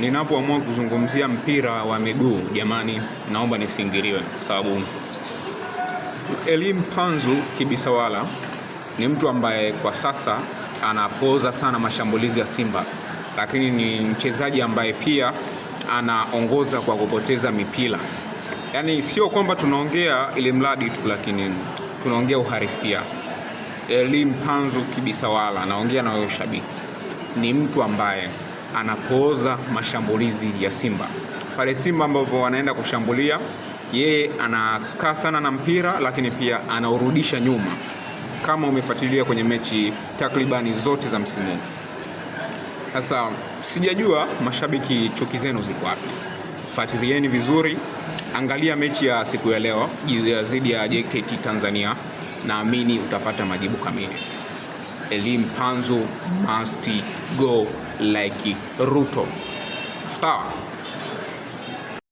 Ninapoamua kuzungumzia mpira wa miguu jamani, naomba nisingiliwe kwa sababu Elim Panzu Kibisawala ni mtu ambaye kwa sasa anapoza sana mashambulizi ya Simba, lakini ni mchezaji ambaye pia anaongoza kwa kupoteza mipira. Yaani sio kwamba tunaongea ili mradi tu, lakini tunaongea uharisia Elim Panzu Kibisawala, naongea na wewe shabiki, ni mtu ambaye anapooza mashambulizi ya Simba pale Simba ambapo wanaenda kushambulia, yeye anakaa sana na mpira, lakini pia anaurudisha nyuma, kama umefuatilia kwenye mechi takribani zote za msimu huu. Sasa sijajua mashabiki chuki zenu ziko wapi? Fuatilieni vizuri, angalia mechi ya siku ya leo dhidi ya JKT Tanzania, naamini utapata majibu kamili elimu panzu must go like Ruto. Sawa.